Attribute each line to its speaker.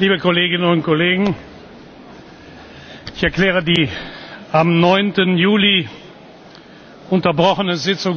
Speaker 1: liebe kolleginnen und kollegen! ich erkläre die am. neun juli unterbrochene
Speaker 2: sitzung.